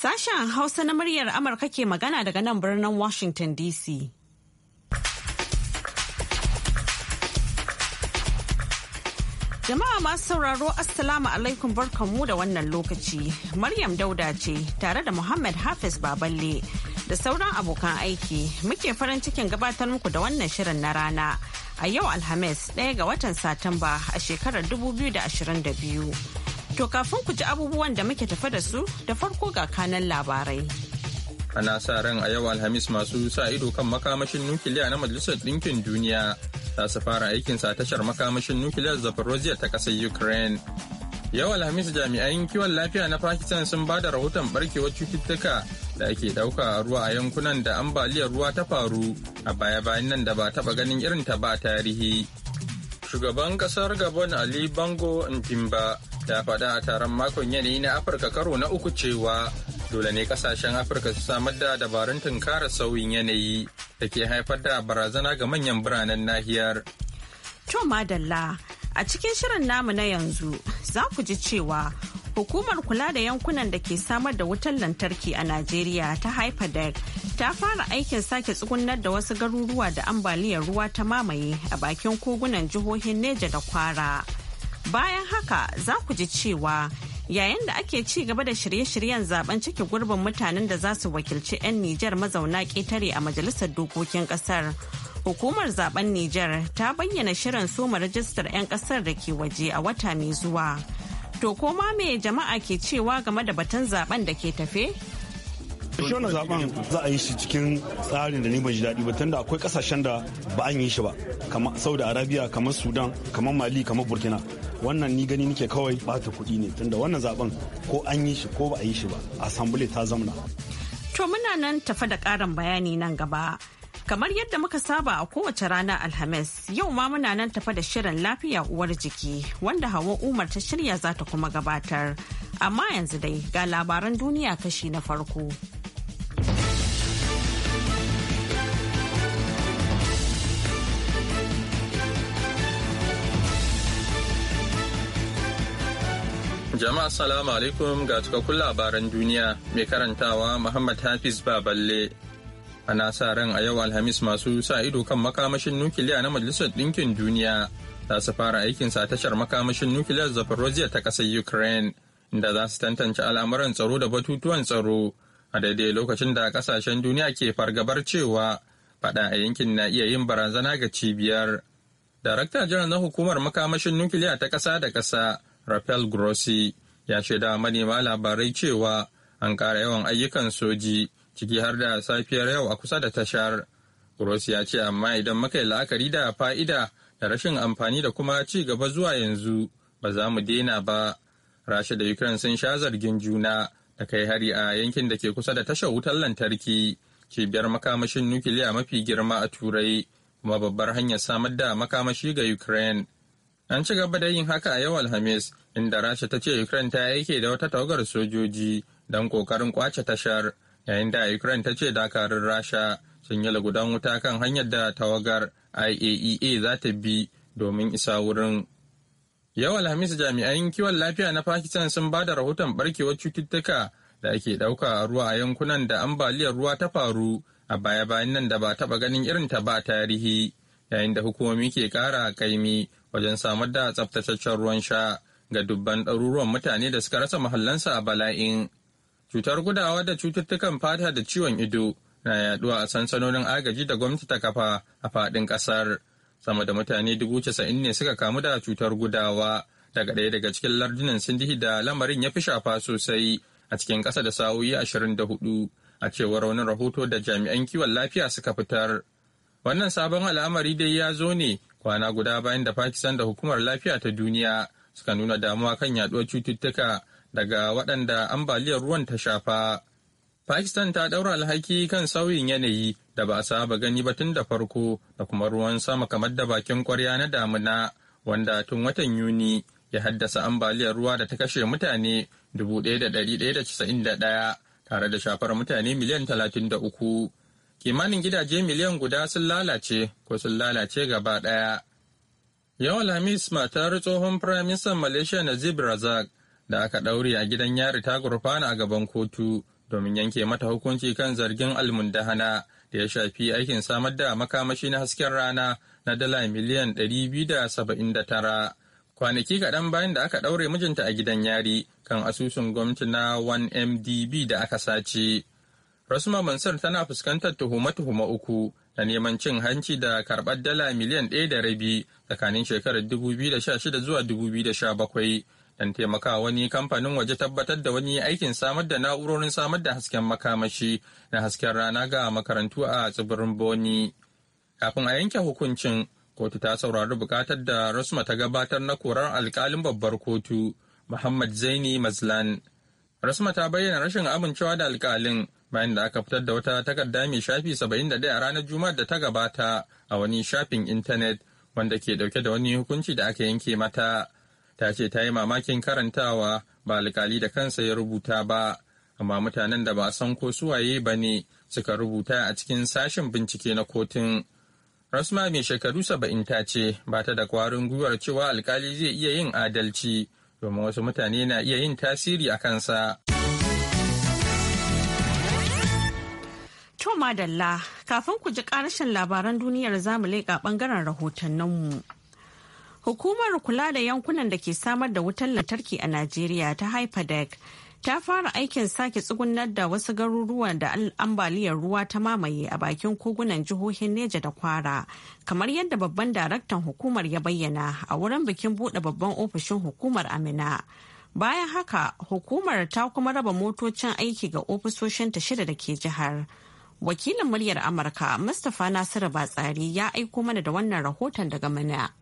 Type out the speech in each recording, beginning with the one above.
Sashen Hausa na muryar Amurka ke magana daga nan birnin Washington DC. Jama'a masu sauraro Assalamu alaikum barkanmu da wannan lokaci. Maryam Dauda ce tare da Muhammad Hafiz Baballe da sauran abokan aiki muke farin cikin gabatar muku da wannan shirin na rana a yau Alhamis ɗaya ga watan Satumba a shekarar 2022. To kafin ku ji abubuwan da muke tafa da su da farko ga kanan labarai. Ana sa ran a yau Alhamis masu sa ido kan makamashin nukiliya na Majalisar Ɗinkin Duniya ta su fara aikin sa tashar makamashin nukiliyar Zaporozhye ta ƙasar Ukraine. Yau Alhamis jami'an kiwon lafiya na Pakistan sun ba da rahoton barkewar cututtuka da ake ɗauka a ruwa a yankunan da ambaliyar ruwa ta faru a baya-bayan nan da ba taɓa ganin irin ta ba tarihi. Shugaban ƙasar Gabon Ali Bango Ndimba ta faɗa a taron makon yanayi na afirka karo na uku cewa dole ne kasashen afirka su samar da dabarun tunkara sauyin yanayi da ke haifar da barazana ga manyan biranen nahiyar to madalla a cikin shirin namu na yanzu za ku ji cewa hukumar kula da yankunan da ke samar da wutar lantarki a najeriya ta haifadar ta fara aikin sake tsugunar da wasu garuruwa da ambaliyar ruwa ta mamaye a bakin kogunan jihohin neja da kwara Bayan haka za ku ji cewa yayin da ake ci gaba da shirye-shiryen zaben cikin gurbin mutanen da za su wakilci 'yan Nijar mazauna ƙetare a majalisar dokokin ƙasar. Hukumar zaben Nijar ta bayyana shirin soma rajistar 'yan ƙasar da ke waje a wata mai zuwa. To koma me jama'a ke cewa game da batun zaben da ke tafe? shi wannan zaben za a yi shi cikin tsarin da ni ban ji daɗi ba tunda akwai kasashen da ba an yi shi ba kamar saudi arabia kamar sudan kamar mali kamar burkina wannan ni gani nike kawai bata kuɗi ne tunda wannan zaben ko an yi shi ko ba a yi shi ba asambule ta zamna to muna nan tafa da ƙarin bayani nan gaba kamar yadda muka saba a kowace rana alhamis yau ma muna nan tafa da shirin lafiya uwar jiki wanda hawa umar ta shirya za ta kuma gabatar amma yanzu dai ga labaran duniya kashi na farko Jama'a salamu alaikum ga cikakkun labaran duniya mai karantawa Muhammad Hafiz Baballe. Ana sa ran a yau Alhamis masu sa ido kan makamashin nukiliya na Majalisar Ɗinkin Duniya za su fara aikin sa tashar makamashin nukiliyar Zaporozhye ta ƙasar Ukraine inda za su tantance al'amuran tsaro da batutuwan tsaro a daidai lokacin da ƙasashen duniya ke fargabar cewa faɗa a yankin na iya yin barazana ga cibiyar. Darakta jiran na hukumar makamashin nukiliya ta ƙasa da ƙasa Rafael Grossi ya shaida manema labarai cewa an ƙara yawan ayyukan soji ciki har da safiyar yau a kusa da tashar. Grossi ya ce amma idan muka yi la'akari da fa'ida da rashin amfani da kuma ci gaba zuwa yanzu ba za mu daina ba. Rasha da Ukraine sun sha zargin juna da kai hari a yankin da ke kusa da tashar wutar lantarki cibiyar makamashin nukiliya mafi girma a Turai kuma babbar hanyar samar da makamashi ga Ukraine. An ci gaba da yin haka a yau Alhamis inda rasha ta ce ukraine ta yake da wata tawagar sojoji don kokarin kwace tashar yayin da ukraine ta ce dakarun rasha sun yi lagudan wuta kan hanyar da tawagar iaea e za ta bi domin isa wurin yau alhamis jami'an kiwon lafiya na pakistan sun ba da rahoton barkewar cututtuka da ake dauka a ruwa a yankunan da ambaliyar ruwa ta faru a baya-bayan nan da ba taba ganin irin ta ba tarihi yayin da hukumomi ke kara kaimi wajen samar da tsaftataccen ruwan sha ga dubban ɗaruruwan mutane da suka rasa mahallansa a bala'in. Cutar gudawa da cututtukan fata da ciwon ido na yaduwa a sansanonin agaji da gwamnati ta kafa a faɗin ƙasar. Sama da mutane dubu casa'in ne suka kamu da cutar gudawa daga ɗaya daga cikin lardunan sindihi da lamarin ya fi shafa sosai a cikin ƙasa da sa'o'i ashirin da hudu a cewar raunin rahoto da jami'an kiwon lafiya suka fitar. Wannan sabon al'amari dai ya zo ne kwana guda bayan da Pakistan da Hukumar Lafiya ta Duniya suka nuna damuwa kan yaduwar cututtuka daga waɗanda ambaliyar ruwan ta shafa. Pakistan ta ɗaura alhaki kan sauyin yanayi da ba a saba gani ba tun da farko da kuma ruwan sama kamar da bakin kwarya na damuna wanda tun watan Yuni ya haddasa ambaliyar ruwa da ta kashe mutane dubu da 1,191 tare da shafar mutane miliyan talatin da uku Kimanin gidaje miliyan guda sun lalace ko sun lalace gaba ɗaya. Yau Lamis matar tsohon firaministan Malaysia Najib Razak da aka ɗaure a gidan yari ta gurfana a gaban kotu domin yanke mata hukunci kan zargin almundahana da ya shafi aikin samar da makamashi na hasken rana na dala miliyan 279. Kwanaki kaɗan bayan da aka ɗaure mijinta a gidan yari kan asusun gwamnati na 1MDB da aka sace. Rasma Mansur tana fuskantar tuhuma tuhuma uku na neman cin hanci da karɓar dala miliyan ɗaya da rabi tsakanin shekarar 2016 zuwa 2017 don taimaka wani kamfanin waje tabbatar da wani aikin samar da na'urorin samar da hasken makamashi na hasken rana ga makarantu a tsibirin boni kafin a yanke hukuncin kotu ta saurari bukatar da rasma ta gabatar na korar alkalin babbar kotu muhammad zaini mazlan rasma ta bayyana rashin amincewa da alkalin bayan da aka fitar da wata takarda mai shafi 71 a ranar juma'ar da ta gabata a wani shafin intanet wanda ke dauke da wani hukunci da aka yanke mata ta ce ta yi mamakin karantawa ba alkali da kansa ya rubuta ba amma mutanen da ba a san ko suwaye ba ne suka rubuta a cikin sashen bincike na kotun rasma mai shekaru saba'in ta ce ba ta da kwarin gwiwar cewa alkali zai iya yin adalci domin wasu mutane na iya yin tasiri a kansa To madalla kafin ku ji karashin labaran duniyar zamu leƙa bangaren rahotanninmu. Hukumar kula da yankunan da ke samar da wutar lantarki a Najeriya ta Hyperdeck ta fara aikin sake tsugunar da wasu garuruwan da ambaliyar ruwa ta mamaye a bakin kogunan jihohin Neja da Kwara, kamar yadda babban daraktan hukumar ya bayyana a wurin bikin buɗe babban ofishin hukumar Amina. Bayan haka, hukumar ta kuma raba motocin aiki ga ofisoshinta shida da ke jihar. Wakilin muryar Amurka Mustapha Nasiru Batsari ya aiko mana da wannan rahoton daga mana.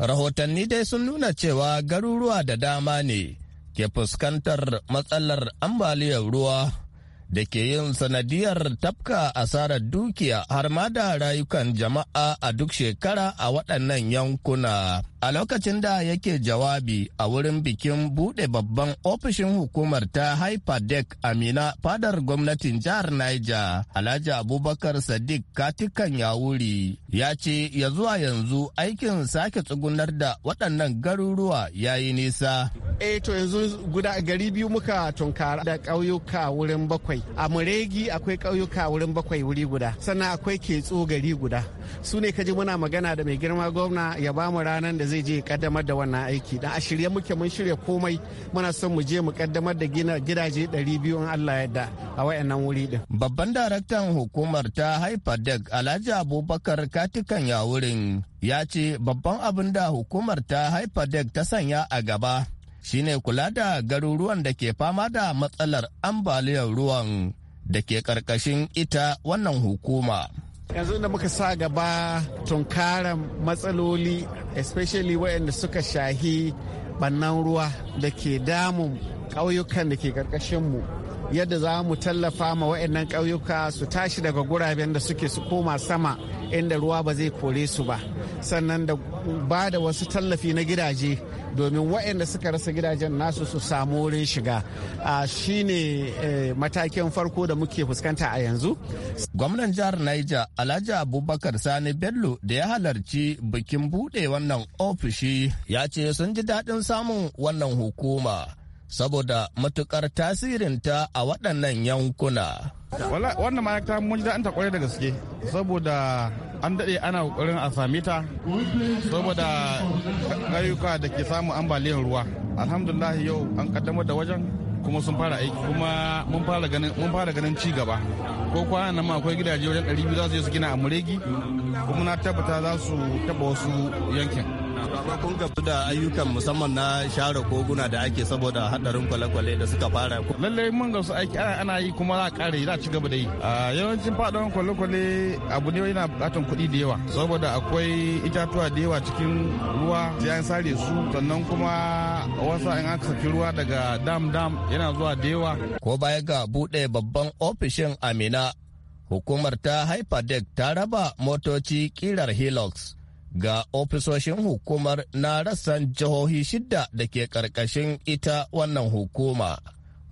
Rahotanni dai sun nuna cewa garuruwa da dama ne ke fuskantar matsalar ambaliyar ruwa da ke yin sanadiyar tafka asarar dukiya har ma da rayukan jama'a a duk shekara a waɗannan yankuna. A lokacin da yake jawabi a wurin bikin buɗe babban ofishin hukumar ta Hyperdeck Amina fadar gwamnatin jihar Niger, Alhaji Abubakar Sadiq Katikan Yawuri ya ce ya zuwa yanzu aikin sake tsugunar da waɗannan garuruwa ya yi nisa. Eh to yanzu guda gari biyu muka tunkara da ƙauyuka wurin bakwai a muregi akwai ƙauyuka wurin bakwai wuri guda sannan akwai ketso gari guda su ne kaji muna magana da mai girma gwamna ya ba mu ranar da zai je kaddamar da wannan aiki dan a shirye muke mun shirya komai muna son mu je mu kaddamar da gina gidaje 200 in Allah yadda a wayannan wuri din babban daraktan hukumar ta Hyperdeck Alhaji Abubakar Katikan wurin ya ce babban abin da hukumar ta Hyperdeck ta sanya a gaba shine kula da garuruwan da ke fama da matsalar ambaliyar ruwan da ke karkashin ita wannan hukuma. yanzu da muka sa gaba tunkaran matsaloli especially waɗanda suka shahi bannan ruwa da ke damun ƙauyukan da ke mu yadda za mu tallafa ma waɗannan ƙauyuka su tashi daga guraben da suke su koma sama inda ruwa ba zai kore su ba sannan da ba da wasu tallafi na gidaje domin waɗanda suka rasa gidajen nasu su samu wurin shiga shi ne eh, matakin farko da muke fuskanta a yanzu gwamnan jihar niger alhaji abubakar sani bello da ya halarci bikin buɗe wannan ofishi ya ce sun ji daɗin samun wannan hukuma saboda matukar tasirinta a waɗannan yankuna. wannan ma'aikata mun ji daɗin kwarai da gaske saboda an daɗe ana ƙoƙarin a same ta saboda ayyuka da ke samun ambaliyar ruwa alhamdulillah yau an kaddamar da wajen kuma sun fara aiki kuma mun fara ganin mun fara ganin ci gaba ko kwa nan ma akwai gidaje wajen 200 za su yi su gina a muregi kuma na tabbata za su taba wasu yankin Amma kun gamsu da ayyukan musamman na share koguna da ake saboda hadarin kwale-kwale da suka fara. Lallai mun su aiki ana yi kuma za a kare za a ci gaba da yi. Yawancin faɗin kwale-kwale abu ne yana buƙatar kuɗi da yawa saboda akwai itatuwa da yawa cikin ruwa sai an sare su sannan kuma wasa in aka saki ruwa daga dam dam yana zuwa da yawa. Ko baya ga buɗe babban ofishin Amina hukumar ta haifadek ta raba motoci kirar hilux ga ofisoshin hukumar na rassan jihohi shidda da ke karkashin ita wannan hukuma.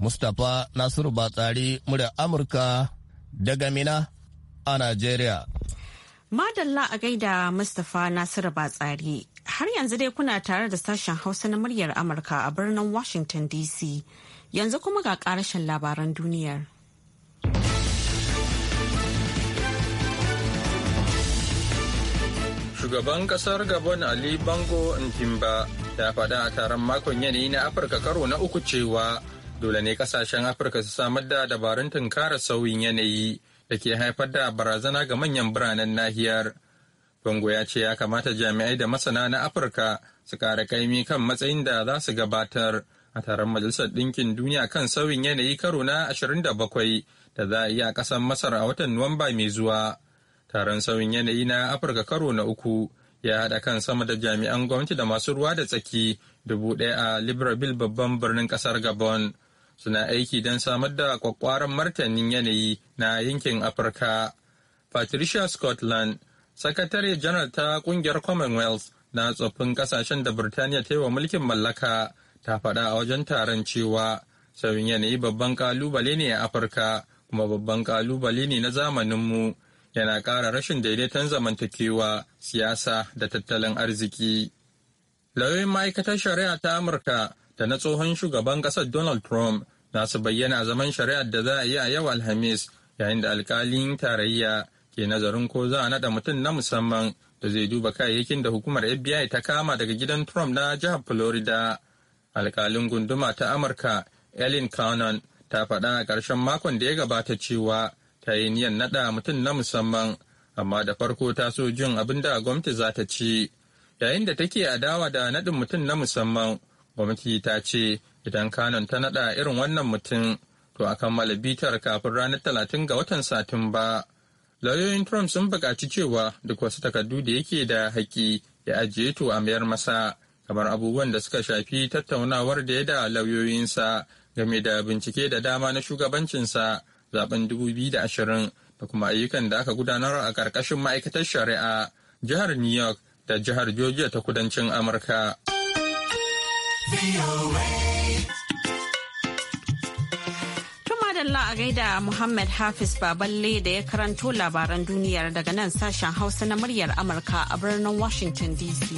Mustapha Nasiru Batsari murya Amurka daga Mina a Najeriya. Madalla a gaida Mustapha Nasiru Batsari. Har yanzu dai kuna tare da sashen Hausa na muryar Amurka a birnin Washington DC. Yanzu kuma ga ƙarashin labaran duniyar. Shugaban kasar Gabon Ali Bango Ndimba ya faɗa a taron makon yanayi na Afirka karo na uku cewa dole ne kasashen Afirka su samar da dabarun tunkara sauyin yanayi da ke haifar da barazana ga manyan biranen nahiyar. Bango ya ce ya kamata jami'ai da masana na Afirka su kara kaimi kan matsayin da za su gabatar a taron Majalisar Ɗinkin Duniya kan sauyin yanayi karo na 27 da za a yi a ƙasar Masar a watan Nuwamba mai zuwa. Taron sauyin yanayi na Afirka karo na uku ya haɗa kan sama da jami'an gwamnati da masu ruwa da tsaki dubu ɗaya a Libreville babban birnin ƙasar Gabon. Suna aiki don samar da kwakwaran martanin yanayi na yankin Afirka. Patricia Scotland, sakatare janar ta ƙungiyar Commonwealth na tsoffin ƙasashen da Birtaniya ta yi wa mulkin mallaka, ta faɗa a wajen taron cewa sauyin yanayi babban ƙalubale ne a Afirka, kuma babban ƙalubale ne na zamaninmu. mu. yana ƙara rashin daidaiton zamantakewa siyasa da tattalin arziki. Lauyoyin ma'aikatar shari'a ta Amurka da na tsohon shugaban ƙasar Donald Trump na su bayyana zaman shari'ar da za a yi a yau Alhamis yayin da alkalin tarayya ke nazarin ko za a naɗa mutum na musamman da zai duba kayayyakin da hukumar FBI ta kama daga gidan Trump na jihar Florida. Alkalin gunduma ta Amurka Ellen Cannon ta faɗa a ƙarshen makon da ya gabata cewa ta yi niyan naɗa mutum na musamman amma da farko ta so jin abin da gwamnati za ta ci yayin da take adawa da naɗin mutum na musamman gwamnati ta ce idan kanon ta naɗa irin wannan mutum to a kammala bitar kafin ranar talatin ga watan satin ba lauyoyin trump sun buƙaci cewa duk wasu takardu da yake da haƙƙi ya ajiye to a mayar masa kamar abubuwan da suka shafi tattaunawar da ya da lauyoyinsa game da bincike da dama na shugabancinsa zaben 2020 da kuma ayyukan da aka gudanar a ƙarƙashin ma'aikatar shari'a jihar New York da jihar Georgia ta kudancin Amurka. Madalla a gaida Muhammad Hafiz Baballe da ya karanto labaran duniyar daga nan sashen Hausa na muryar Amurka a birnin Washington DC.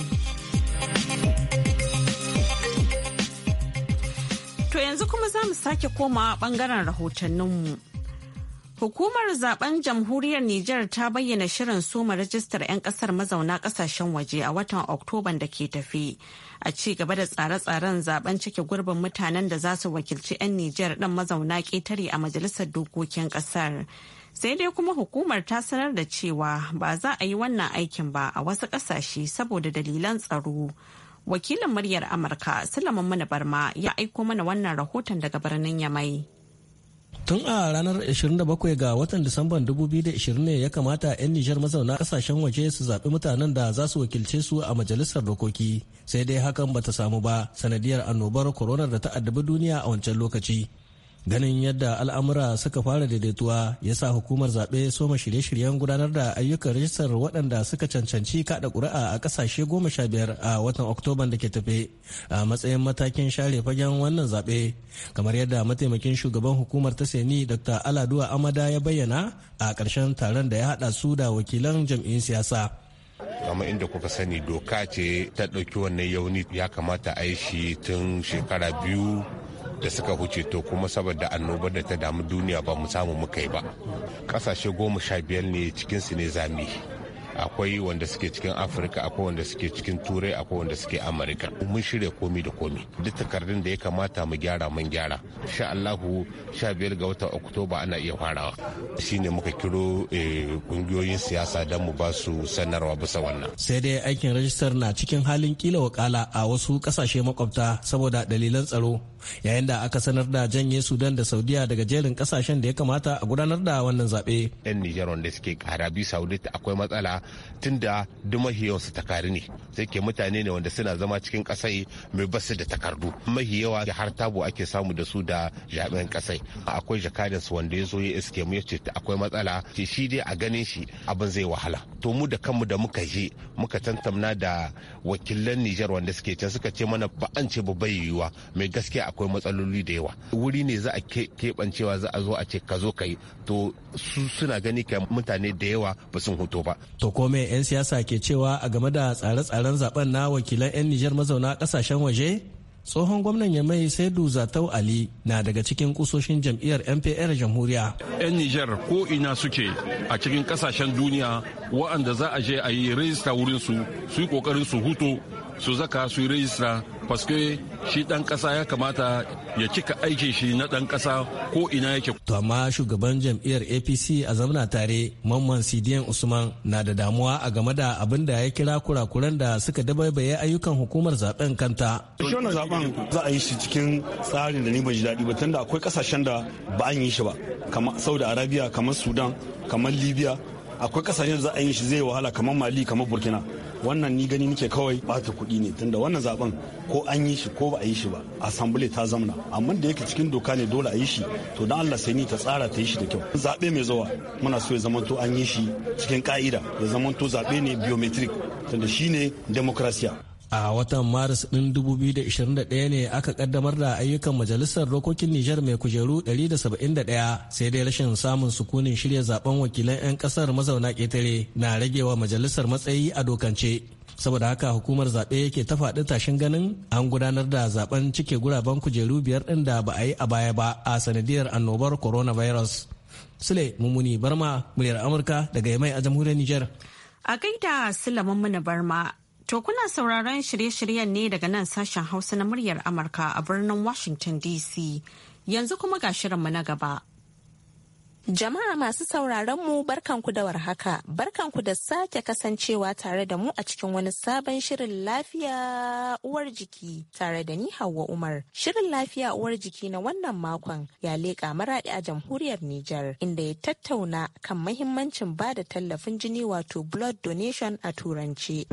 To yanzu kuma za mu sake koma bangaren rahotanninmu. Hukumar zaben jamhuriyar Nijar ta bayyana shirin soma rajistar 'yan kasar mazauna kasashen waje a watan Oktoban da ke tafi. A ci gaba da tsare-tsaren zaben cike gurbin mutanen da za su wakilci 'yan Nijar ɗan mazauna ƙetare a majalisar dokokin ƙasar. Sai dai kuma hukumar ta sanar da cewa ba za a yi wannan aikin ba a wasu ƙasashe saboda dalilan tsaro. Wakilin muryar Amurka Sulaiman Manabarma, ya aiko mana wannan rahoton daga birnin Yamai. Tun a ranar 27 ga watan Disamban 2020 ne ya kamata 'yan Nijar mazauna kasashen waje su zaɓi mutanen da za su wakilce su a majalisar dokoki. Sai dai hakan bata samu ba sanadiyar annobar koronar da ta addabi duniya a wancan lokaci. ganin yadda al'amura suka fara daidaituwa ya sa hukumar zaɓe soma shirye-shiryen gudanar da ayyukan rajistar waɗanda suka cancanci kaɗa ƙuri'a a ƙasashe goma sha biyar a watan oktoban da ke tafe a matsayin matakin share fagen wannan zaɓe kamar yadda mataimakin shugaban hukumar ta seni dr aladuwa amada ya bayyana a ƙarshen taron da ya haɗa su da wakilan jam'in siyasa kamar inda kuka sani doka ce ta ɗauki wannan yauni ya kamata a yi shi tun shekara biyu da suka huce to kuma saboda annobar da ta damu duniya ba mu samu muka yi ba kasashe goma sha biyar ne cikinsu ne zami akwai wanda suke cikin afirka akwai wanda suke cikin turai akwai wanda suke amurka mun shirya komi da komi duk takardun da ya kamata mu gyara mun gyara sha allahu sha biyar ga watan oktoba ana iya farawa shine muka kiro kungiyoyin eh, siyasa don mu ba su sanarwa bisa wannan sai dai aikin rajistar na cikin halin kila wakala a wasu kasashe makwabta saboda dalilan tsaro yayin da aka sanar da janye sudan da saudiya daga jerin kasashen da ya kamata a gudanar da wannan zaɓe. yan nijar wanda suke karabi saudita akwai matsala tunda duk ta kari ne sai ke mutane ne wanda suna zama cikin kasai mai basu da takardu mahi yawa har tabo ake samu da su da jami'an kasai. akwai jakadin su wanda ya zo ya iske mu ya ce akwai matsala ce shi dai a ganin shi abin zai wahala to mu da kanmu da muka je muka tantamna da wakilan Nijar wanda suke can suka ce mana ba an ce ba bai yiwuwa mai gaskiya akwai matsaloli da yawa wuri ne za a keɓancewa za a zo a ce ka zo ka yi to su suna gani ka mutane da yawa ba sun huto ba to kome 'yan siyasa ke cewa a game da tsare-tsaren zaben na wakilan 'yan Nijar mazauna kasashen waje? Tsohon gwamnan ya mai sai Zatau Ali na daga cikin kusoshin jam'iyyar MPR jamhuriya. 'Yan Nijar ko ina suke a cikin kasashen duniya wa'anda za a je a yi rajista wurin su yi kokarin su hutu su zaka su yi rajista paske shi dan kasa ya kamata ya cika aikin shi na dan kasa ko ina yake to amma shugaban jam'iyyar APC a zamna tare mamman Sidiyan Usman na da damuwa a game da abin da ya kira kurakuran da suka dabaibaye ayyukan hukumar zaben kanta wannan zaben za a yi shi cikin tsarin da ni ban ji daɗi ba tunda akwai kasashen da ba an yi shi ba kamar Saudi Arabia kamar Sudan kamar Libya akwai kasashen da za a yi shi zai wahala kamar Mali kamar Burkina wannan ni gani nake kawai bata kuɗi ne tunda wannan zaben ko an yi shi ko ba a yi shi ba asambule ta zamna amma da yake cikin doka ne dole a yi shi to dan Allah sai ni ta tsara ta yi shi da kyau zabe mai zuwa muna so ya zamanto an yi shi cikin ka'ida ya zamanto zabe ne biometric tunda shine demokrasiya a watan maris ɗin 2021 ne aka kaddamar da ayyukan majalisar dokokin nijar mai kujeru 171 sai dai rashin samun sukunin shirya zaben wakilan 'yan kasar mazauna ketare na ragewa majalisar matsayi a dokance saboda haka hukumar zaɓe yake ta faɗi tashin ganin an gudanar da zaben cike guraben kujeru biyar ɗin da ba a yi a baya ba a sanadiyar annobar coronavirus sule mummuni barma muryar amurka daga yamai a jamhuriyar nijar a gaida mana barma To kuna sauraron shirye-shiryen ne daga nan sashen Hausa na muryar Amurka a birnin Washington DC. Yanzu kuma ga shirinmu na gaba. Jama'a masu sauraron mu barkanku da warhaka, barkanku da sake kasancewa tare da mu a cikin wani sabon shirin lafiya uwar jiki tare da ni Hauwa Umar. Shirin lafiya uwar jiki na wannan makon ya leƙa maraɗi a jamhuriyar Nijar inda ya tattauna kan mahimmancin ba da tallafin jini wato blood donation a turanci.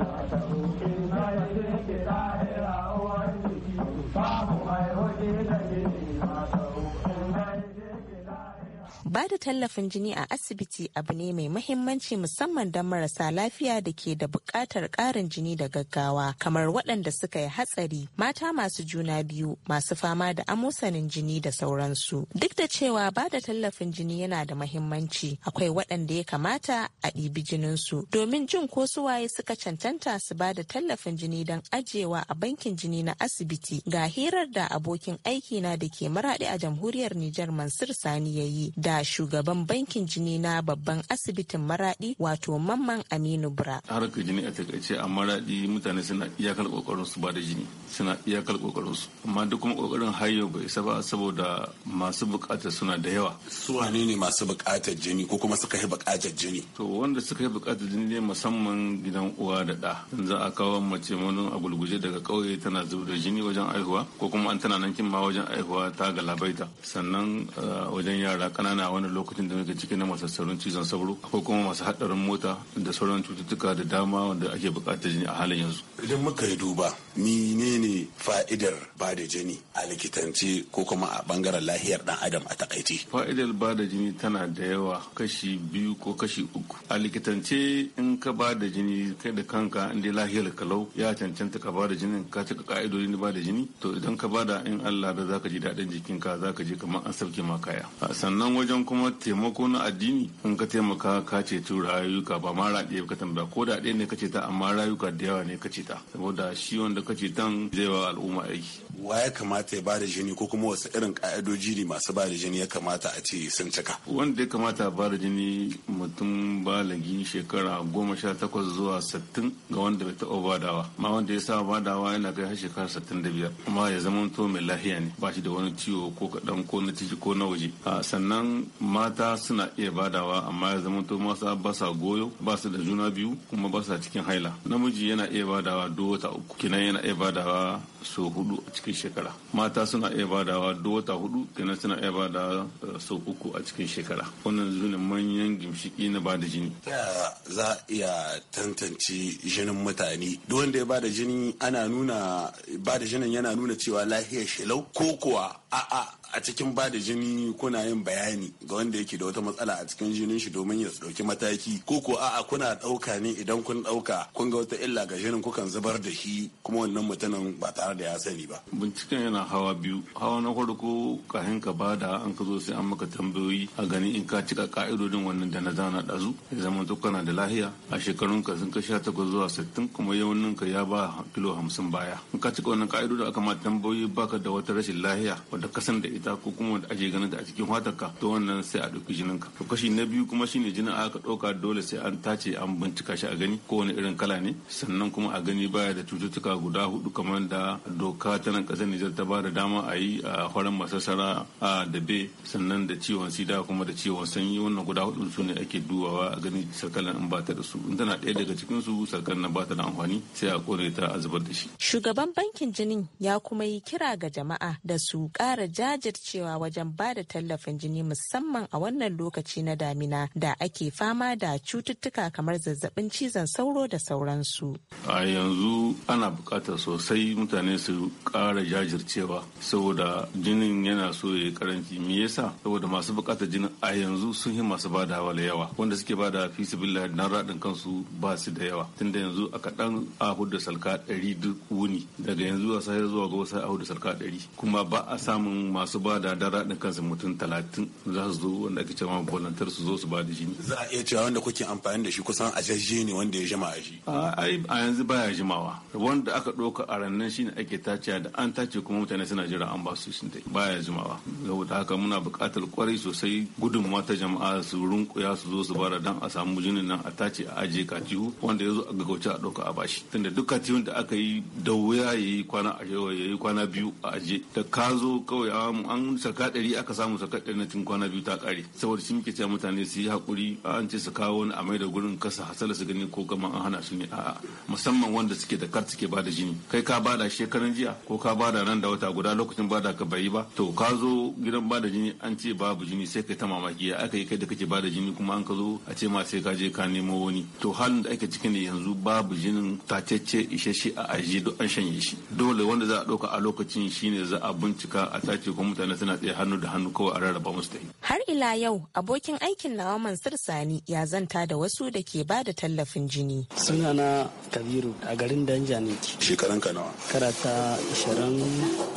ba da tallafin jini a asibiti abu ne mai mahimmanci musamman don marasa lafiya da ke da buƙatar ƙarin jini da gaggawa kamar waɗanda suka yi hatsari mata masu juna biyu masu fama da amosanin jini da sauransu duk da cewa ba da tallafin jini yana da mahimmanci akwai waɗanda ya kamata a ɗibi jininsu domin jin ko suwaye suka cancanta su ba da tallafin jini don ajiyewa a bankin jini na asibiti ga hirar da abokin aikina da ke maraɗi a jamhuriyar Nijar Mansur Sani ya yi da shugaban bankin jini na babban asibitin maradi wato mamman aminu bra harkar jini a takaice a maradi mutane suna iyakar kokarin su ba da jini suna iyakar kokarin su amma duk kuma kokarin hayo bai isa ba saboda masu bukata suna da yawa su wane ne masu bukatar jini ko kuma suka yi bukatar jini to wanda suka yi bukatar jini ne musamman gidan uwa da da za a kawo mace mun a gulguje daga kauye tana zubar da jini wajen aihuwa ko kuma an tana nan kin ma wajen aihuwa ta galabaita sannan eh, wajen yara kanana a wani lokacin da muke ciki na masassarun cizon sauro ko kuma masu hadarin mota da sauran cututtuka da dama wanda ake bukatar jini a halin yanzu idan muka yi duba menene fa'idar ba da jini a likitance ko kuma a bangaren lahiyar dan adam a takaice fa'idar ba da jini tana da yawa kashi biyu ko kashi uku a likitance in ka ba da jini kai da kanka in dai lahiyar kalau ya cancanta ka ba da jinin ka cika ka'idodin ba da jini to idan ka ba da in Allah da zaka ji daɗin jikinka zaka ji kamar an sauke ma kaya sannan wajen wajen kuma taimako na addini in ka taimaka ka ceto rayuka ba ma raɗe ka tambaya ko da ɗaya ne ka ce ta amma rayuka da yawa ne ka ce ta saboda shi wanda ka cetan zai wa al'umma aiki wa ya kamata ya bada jini ko kuma wasu irin ka'idoji ne masu bada jini ya kamata a ce sun cika wanda ya kamata a bada jini mutum balagi shekara goma sha takwas zuwa sittin ga wanda bai taɓa badawa ma wanda ya sa badawa yana kai har shekara sittin da biyar amma ya zama to mai lahiya ne ba shi da wani ciwo ko kaɗan ko na ciki ko na waje sannan mata suna iya badawa amma ya zama to masa ba sa goyo ba su da juna biyu kuma ba sa cikin haila namiji yana iya badawa duk wata uku kenan yana iya badawa so hudu a cikin cikin shekara mata suna iya badawa duk wata hudu kenan suna iya da eh, sau uku a cikin shekara wannan zuwa manyan gimshiki na bada jini za a iya tantance jinin mutane duk wanda ya bada jini ana nuna bada jinin yana nuna cewa lahiyar lau ko kuwa a'a a cikin ba da jini kuna yin bayani ga wanda yake da wata matsala a cikin jinin shi domin ya dauki mataki ko ko a'a kuna dauka ne idan kun dauka kun ga wata illa ga jinin kukan zubar da shi kuma wannan mutumin ba tare da ya sani ba binciken yana hawa biyu hawa na farko kahin ka bada an ka zo sai an maka tambayoyi a gani in ka cika ka'idodin wannan da na zana dazu ya zama to kana da lahiya a shekarun ka sun ka sha takwas zuwa sittin kuma yawanin ka ya ba kilo hamsin baya in ka cika wannan ka'idodin aka ma tambayoyi baka da wata rashin lahiya wadda kasan da ita ko kuma wanda ake ganin ta a cikin fatarka to wannan sai a ɗauki jinin ka kashi na biyu kuma shine jinin aka ɗauka dole sai an tace an bincika shi a gani ko wani irin kala ne sannan kuma a gani baya da cututtuka guda hudu kamar da doka ta nan ƙasar Nijar ta ba da dama a yi a horon masasara a da B sannan da ciwon sida kuma da ciwon sanyi wannan guda hudu su ne ake duwawa a gani sarkalan in ba da su in tana ɗaya daga cikin su sarkalan na ba ta da amfani sai a kore ta a zubar da shi. Shugaban bankin jinin ya kuma yi kira ga jama'a da su kara jaji jajircewa wajen ba da tallafin jini musamman a wannan lokaci na damina da ake fama da cututtuka kamar zazzabin cizon sauro da sauransu. A yanzu ana buƙatar sosai mutane su ƙara jajircewa saboda jinin yana so ya karanci me yasa saboda masu bukatar jinin a yanzu sun yi masu ba da yawa wanda suke ba da fi na raɗin kansu ba su da yawa tunda yanzu a kaɗan a hudu salka ɗari duk wuni daga yanzu a sayar zuwa ga wasu a hudu salka ɗari kuma ba a samun masu su ba da dara din kansu mutum talatin za su zo wanda ake cewa volunteer su zo su ba da jini. Za a iya cewa wanda kuke amfani da shi kusan ajajje ne wanda ya jima a shi. A yanzu baya jimawa. Wanda aka ɗauka a rannan shi ne ake tace da an tace kuma mutane suna jira an ba su sun Baya jimawa. Saboda haka muna buƙatar kwarai sosai gudun mata jama'a su runkuya su zo su ba da dan a samu jinin nan a tace a aje katihu wanda ya zo a gaggauce a ɗauka a bashi. Tunda duk katihun da aka yi da wuya ya yi kwana a yi kwana biyu a aje. Da ka zo kawai an saka ɗari aka samu saka ɗari na cin kwana biyu ta ƙare saboda shi muke cewa mutane su yi haƙuri an ce su kawo wani a mai da gurin kasa hasala su gani ko gama an hana su ne a'a musamman wanda suke da kar suke bada jini kai ka bada shekaran jiya ko ka bada nan da wata guda lokacin bada ka bai ba to ka zo gidan bada jini an ce babu jini sai kai ta mamaki ya aka yi kai da kake bada jini kuma an ka zo a ce ma sai ka je ka nemo wani to halin da ake cikin ne yanzu babu jinin tacece isasshe a ajiye duk an shanye shi dole wanda za a ɗauka a lokacin shine za a bincika a tace kuma mutane suna tsaye hannu da hannu kawai a rarraba musu ta har ila yau abokin aikin nawa mansur sani ya zanta da wasu da ke ba da tallafin jini Suna na kabiru a garin danja ne shekaran ka nawa karata ishirin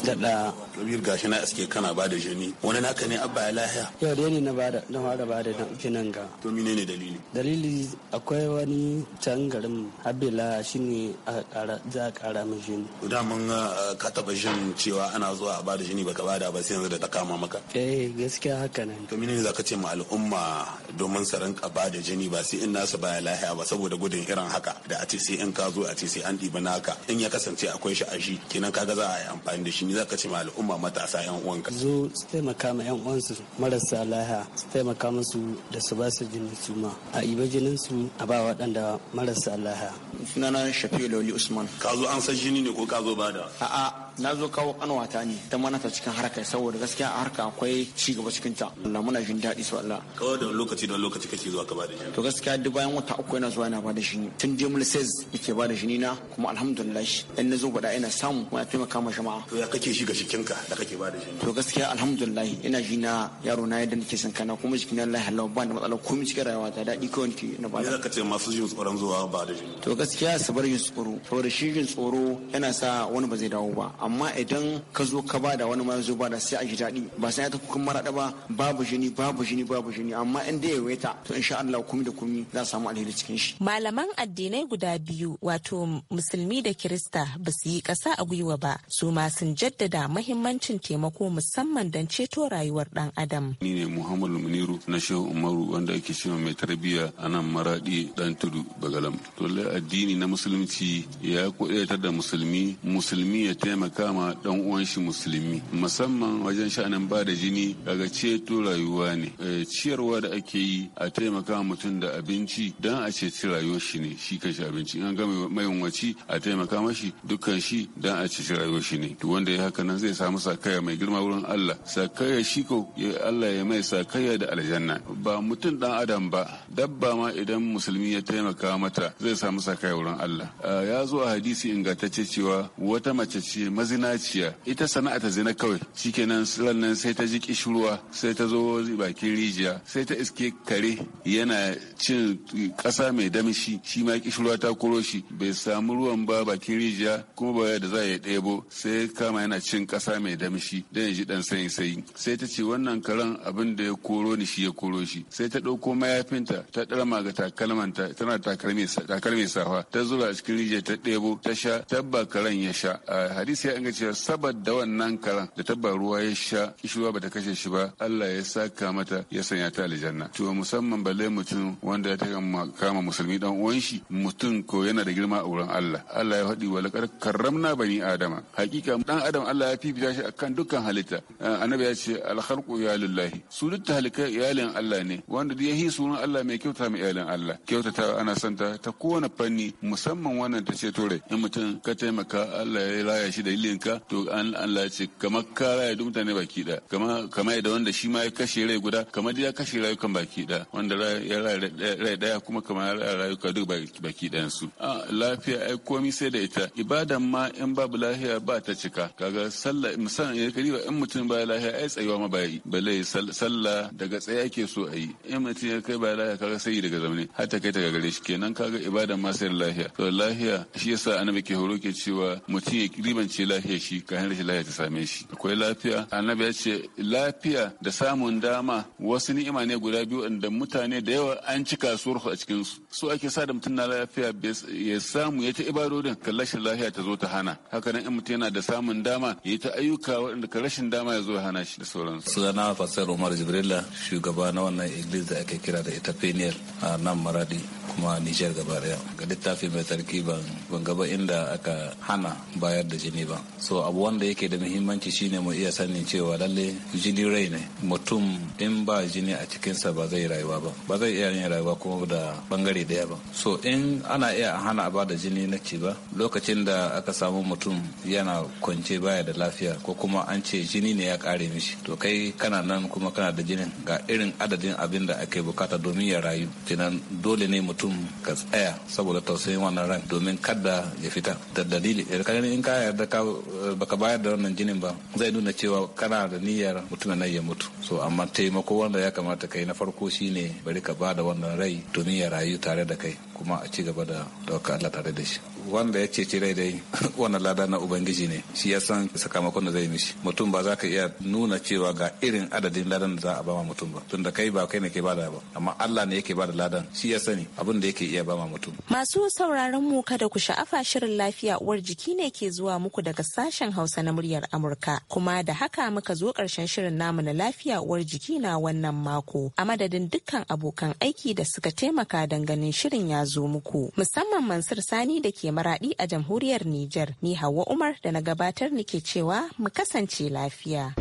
da kabiru gashi na iske kana ba da jini wani naka ne abba ya lahiya yau da ne na bada na fara bada na uke nan ga to mine ne dalili dalili akwai wani can garin abila shine a kara za a kara min jini da mun ah, ka taɓa jin cewa ana zuwa a bada jini baka bada ba gwamnati yanzu da ta kama maka eh gaskiya haka nan to menene zaka ce ma al'umma domin su rinka ba da jini ba sai in nasu baya lahiya ba saboda gudun irin haka da a ce sai in ka zo a ce sai an ɗiba naka in ya kasance akwai shi a shi kenan kaga za a yi amfani da shi ni zaka ce ma al'umma matasa yan uwanka zo su taimaka ma yan uwansu marasa lahiya su taimaka musu da su ba su jini su ma a iba jinin su a ba waɗanda marasa lahiya sunana shafi loli usman ka zo an san jini ne ko ka zo ba da a'a na zo kawo kanwata ne ta mana ta cikin harkar saboda gaskiya a harka akwai ci gaba cikin ta Allah muna jin daɗi su Allah kawai da lokaci don lokaci kake zuwa ka bada shi to gaskiya duk bayan wata uku yana zuwa yana bada jini tun mul says yake bada jini na kuma alhamdulillah in na zo bada ina samu kama shi ma jama'a to ya kake shiga ka da kake bada jini to gaskiya alhamdulillah ina ji na yaro na yadda nake son kana kuma jikin Allah Allah ba da matsala komai cikin rayuwa ta daɗi kawai na bada ya kace masu jin tsoron zuwa ba shi to gaskiya su bar jin tsoro da shi jin tsoro yana sa wani ba zai dawo ba amma idan ka zo ka bada wani ma zo bada sai a ji daɗi ba sai ta kukan maraɗa ba babu jini babu jini babu jini amma in dai yawaita to insha Allah kumi da kumi za a samu alheri cikin shi malaman addinai guda biyu wato musulmi da kirista ba su yi ƙasa a gwiwa ba su ma sun jaddada mahimmancin taimako musamman don ceto rayuwar dan adam ni ne muhammadu muniru na shehu umaru wanda ake cewa mai tarbiyya a nan maraɗi ɗan tudu bagalam to addini na musulunci ya kuɗaitar da musulmi musulmi ya taimaka kama dan uwan shi musulmi musamman wajen sha'anin ba da jini daga ceto rayuwa ne eh, ciyarwa da ake yi a taimaka mutum da abinci dan a ceci rayuwar shi ne shi abinci an gama mayunwaci a taimaka mashi dukkan shi dan a ceci rayuwar shi ne to wanda ya haka nan zai samu sakaya mai girma wurin Allah sakaya shi ko Allah ya mai sakaya da aljanna ba mutum dan adam ba dabba ma idan musulmi ya taimaka mata zai samu sakaya wurin Allah eh, ya zo a hadisi ingantacce cewa wata mace ce mazinaciya ita sana'a ta zina kawai shikenan sannan sai ta ji kishirwa sai ta zo bakin rijiya sai ta iske kare yana cin kasa mai damshi shi ma kishirwa ta koro shi bai samu ruwan ba bakin rijiya kuma ba da za ya ɗebo sai kama yana cin kasa mai damshi don ya ji dan sanyi sanyi sai ta ce wannan karen abin da ya koro ni shi ya koro shi sai ta ɗauko mayafinta ta ɗarma ga takalmanta tana takalmi safa ta zuba a cikin rijiya ta ɗebo ta sha tabba karen ya sha a hadisi an ga cewa saboda wannan karan da tabbar ruwa ya sha kishuwa bata kashe shi ba Allah ya saka mata ya sanya ta aljanna to musamman balle mutum wanda ya taka kama musulmi dan uwan shi mutum ko yana da girma a wurin Allah Allah ya faɗi wa karramna bani adama hakika dan adam Allah ya fifita shi akan dukkan halitta annabi ya ce al khalqu ya lillahi su duk halika iyalin Allah ne wanda da yahi sunan Allah mai kyauta mai iyalin Allah kyautata ana santa ta kowane fanni musamman wannan ta ce tore in mutum ka taimaka Allah ya laya shi da dalilin ka to an Allah ce kamar ka raya duk mutane baki da kamar kamar da wanda shi ma ya kashe rai guda kamar ya kashe rayukan baki da wanda ya rai daya kuma kamar ya rayuka duk baki da su a lafiya ai komai sai da ita ibadan ma in babu lafiya ba ta cika kaga sallah musamman ya kari in mutum ba lafiya ai tsayuwa ma bai balle sallah daga tsaya ke so a yi in mutum ya kai ba lafiya kaga sai daga zamani har ta kai ta gare shi kenan kaga ibadan ma sai da lafiya to lafiya shi yasa annabi ke horo ke cewa mutum ya ribance lafiya shi kayan rashin lafiya ta same shi akwai lafiya annabi ya ce lafiya da samun dama wasu ni'ima ne guda biyu da mutane da yawa an ci kasuwar a cikin su so ake sa da mutum na lafiya ya samu ya ta ibadodin ka rashin lafiya ta zo ta hana haka nan in mutum yana da samun dama ya ta ayyuka waɗanda ka rashin dama ya zo ya hana shi da sauransu sunana fasar umar jibrila shugaba na wannan iglis da ake kira da ita peniel a nan maradi kuma nijar gaba ga littafi mai tarki ban gaba inda aka hana bayar da jini ba so abu wanda yake da muhimmanci shine mu iya sanin cewa lalle jini rai ne mutum in ba jini a cikinsa ba zai rayuwa ba ba zai iya yin rayuwa kuma da bangare daya ba so in ana iya hana ba da jini na ci ba lokacin da aka samu mutum yana kwance baya da lafiya ko kuma an ce jini ne ya kare mishi to kai kana nan kuma kana da jinin ga irin adadin abin da ake bukata domin ya rayu kenan dole ne mutum ka tsaya saboda tausayin wannan ran domin kada ya fita da dalili in ka yarda ka Eh, baka bayar da wannan jinin ba zai nuna cewa kana da niyyar mutum nan ya mutu so amma taimako wanda ya kamata kai na farko shine bari ka bada wannan rai domin ya rayu tare da kai kuma a ci gaba da dauka Allah tare da shi wanda ya cece rai dai wannan lada na ubangiji ne shi ya san sakamakon da zai mishi mutum ba za ka iya nuna cewa ga irin adadin ladan da za a bama mutum ba tunda kai ba kai ne ke bada ba amma Allah ne yake bada ladan shi ya sani abin da yake iya bama mutum masu sauraron mu kada ku sha'afa shirin lafiya uwar jiki ne ke zuwa muku daga sashen Hausa na muryar Amurka kuma da haka muka zo karshen shirin namu na lafiya uwar jiki na wannan mako a madadin dukkan abokan aiki da suka taimaka ganin shirin ya zo muku musamman Mansur Sani da ke ke maradi a jamhuriyar Nijar. Ni Hauwa Umar da na gabatar nike cewa mu kasance lafiya.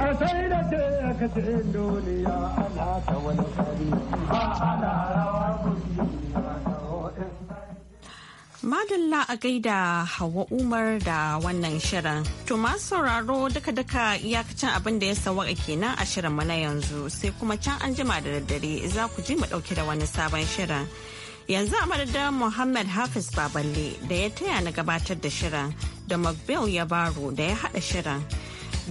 Madalla a gaida Hauwa Umar da wannan shirin. To masu sauraro duka-duka iyakacin abin da ya a kenan a shirin mu na yanzu sai kuma can an jima da daddare za ku ji mu dauke da wani sabon shirin. yanzu a madadin Muhammad Hafiz Baballe da ya taya na gabatar da shirin da Macbill ya baro da ya haɗa shirin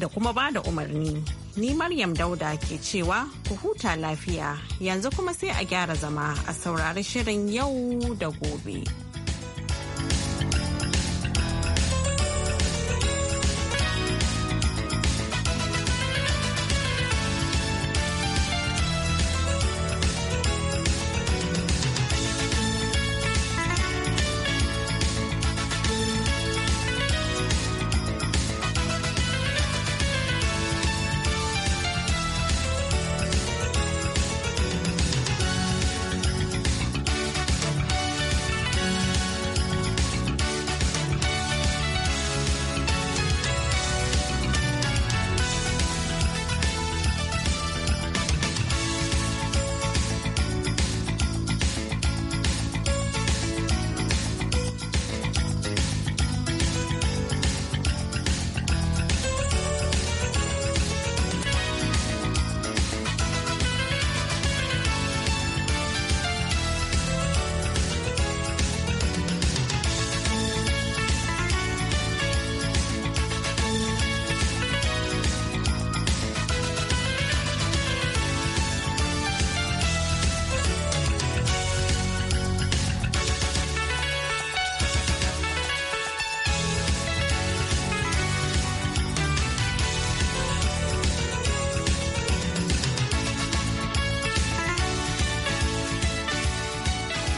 da kuma ba da umarni. Ni Maryam Dauda ke cewa ku huta lafiya yanzu kuma sai a gyara zama a saurari shirin yau da gobe.